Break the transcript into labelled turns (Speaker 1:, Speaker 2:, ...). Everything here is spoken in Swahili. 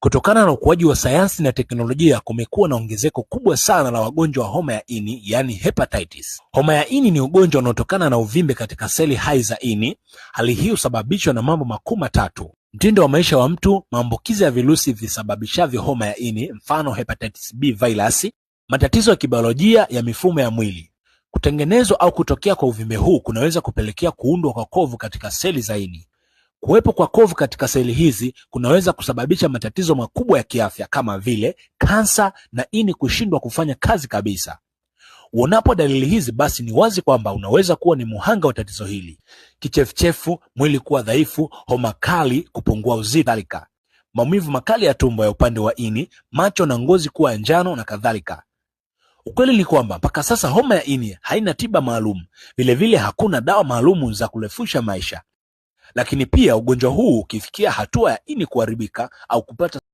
Speaker 1: Kutokana na ukuaji wa sayansi na teknolojia kumekuwa na ongezeko kubwa sana la wagonjwa wa homa ya ini, yani hepatitis. Homa ya ini ni ugonjwa unaotokana na uvimbe katika seli hai za ini. Hali hii husababishwa na mambo makuu matatu: mtindo wa maisha wa mtu, maambukizi ya virusi visababishavyo homa ya ini, mfano hepatitis B virus, matatizo ya kibiolojia ya mifumo ya mwili. Kutengenezwa au kutokea kwa uvimbe huu kunaweza kupelekea kuundwa kwa kovu katika seli za ini. Kuwepo kwa kovu katika seli hizi kunaweza kusababisha matatizo makubwa ya kiafya kama vile kansa na ini kushindwa kufanya kazi kabisa. Uonapo dalili hizi, basi ni wazi kwamba unaweza kuwa ni muhanga wa tatizo hili: kichefuchefu, mwili kuwa dhaifu, homa kali, kupungua uzito, kadhalika maumivu makali ya tumbo ya upande wa ini, macho na ngozi kuwa njano na kadhalika. Ukweli ni kwamba mpaka sasa homa ya ini haina tiba maalum, vilevile hakuna dawa maalum za kurefusha maisha. Lakini pia ugonjwa huu ukifikia hatua ya ini kuharibika au kupata